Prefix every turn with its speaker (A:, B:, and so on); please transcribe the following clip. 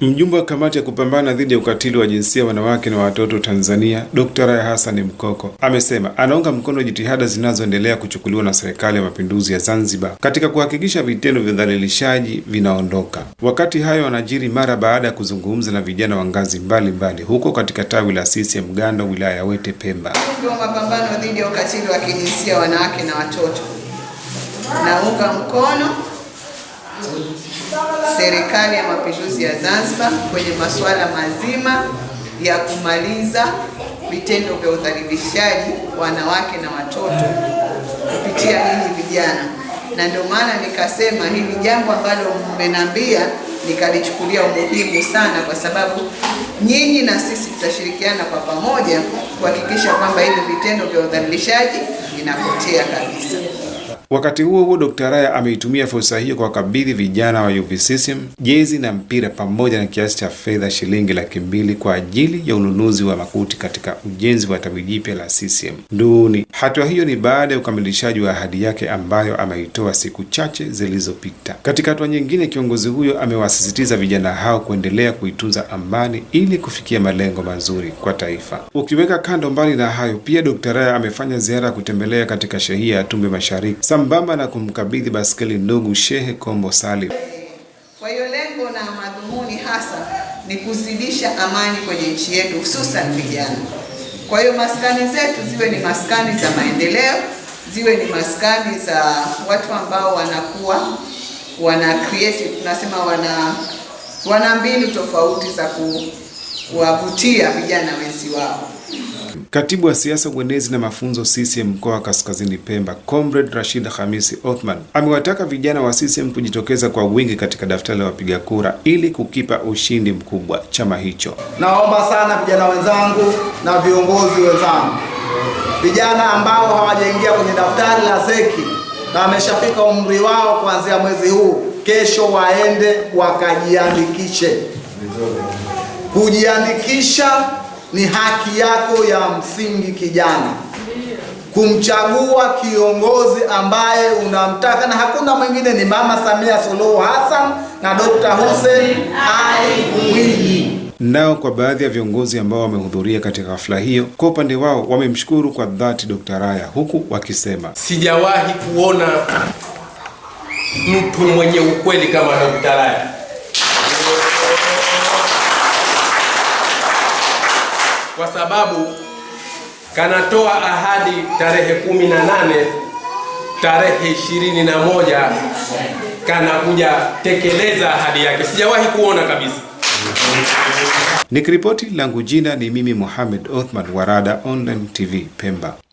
A: Mjumbe wa kamati ya kupambana dhidi ya ukatili wa jinsia wanawake na watoto Tanzania, Dkt. Raya Hassan Mkoko amesema anaunga mkono jitihada zinazoendelea kuchukuliwa na Serikali ya Mapinduzi ya Zanzibar katika kuhakikisha vitendo vya udhalilishaji vinaondoka. Wakati hayo wanajiri mara baada ya kuzungumza na vijana wa ngazi mbalimbali huko katika tawi la CCM Gando, wilaya ya Wete, Pemba.
B: Mjumbe wa mapambano dhidi ya ukatili wa kijinsia wanawake na watoto, naunga mkono Serikali ya Mapinduzi ya Zanzibar kwenye masuala mazima ya kumaliza vitendo vya udhalilishaji wanawake na watoto kupitia nyinyi vijana, na ndio maana nikasema hili jambo ambalo mmenambia nikalichukulia umuhimu sana, kwa sababu nyinyi na sisi tutashirikiana kwa pamoja kuhakikisha kwamba hivi vitendo vya udhalilishaji vinapotea kabisa.
A: Wakati huo huo, Dr. Raya ameitumia fursa hiyo kwa kabidhi vijana wa UVCCM jezi na mpira pamoja na kiasi cha fedha shilingi laki mbili kwa ajili ya ununuzi wa makuti katika ujenzi wa tawi jipya la CCM Nduni. Hatua hiyo ni baada ya ukamilishaji wa ahadi yake ambayo ameitoa siku chache zilizopita. Katika hatua nyingine, kiongozi huyo amewasisitiza vijana hao kuendelea kuitunza amani ili kufikia malengo mazuri kwa taifa. Ukiweka kando, mbali na hayo, pia Dr. Raya amefanya ziara ya kutembelea katika shehia ya Tumbe Mashariki sambamba na kumkabidhi baskeli ndugu Shehe Kombo Salim.
B: Kwa hiyo lengo na madhumuni hasa ni kuzidisha amani kwenye nchi yetu, hususan vijana. Kwa hiyo maskani zetu ziwe ni maskani za maendeleo, ziwe ni maskani za watu ambao wanakuwa wana create, tunasema wana wana mbinu tofauti za ku kuwavutia vijana wenzi wao.
A: Katibu wa siasa uenezi na mafunzo CCM mkoa wa Kaskazini Pemba, Comrade Rashid Hamisi Othman amewataka vijana wa CCM kujitokeza kwa wingi katika daftari la wapiga kura ili kukipa ushindi mkubwa chama hicho.
C: Naomba sana vijana wenzangu na viongozi wenzangu, vijana ambao hawajaingia kwenye daftari la zeki na wameshafika umri wao kuanzia mwezi huu, kesho waende wakajiandikishe. Kujiandikisha ni haki yako ya msingi kijana, kumchagua kiongozi ambaye unamtaka, na hakuna mwingine ni Mama Samia Suluhu Hassan na Dr. Hussein Ali Mwinyi.
A: Nao kwa baadhi ya viongozi ambao wamehudhuria katika hafla hiyo, kwa upande wao wamemshukuru kwa dhati Dr. Raya, huku wakisema
D: sijawahi kuona mtu mwenye ukweli kama Dr. Raya kwa sababu kanatoa ahadi tarehe kumi na nane tarehe ishirini na moja kanakuja tekeleza ahadi yake, sijawahi kuona kabisa.
A: Nikiripoti langu jina ni mimi Mohamed Othman, Warada Online TV Pemba.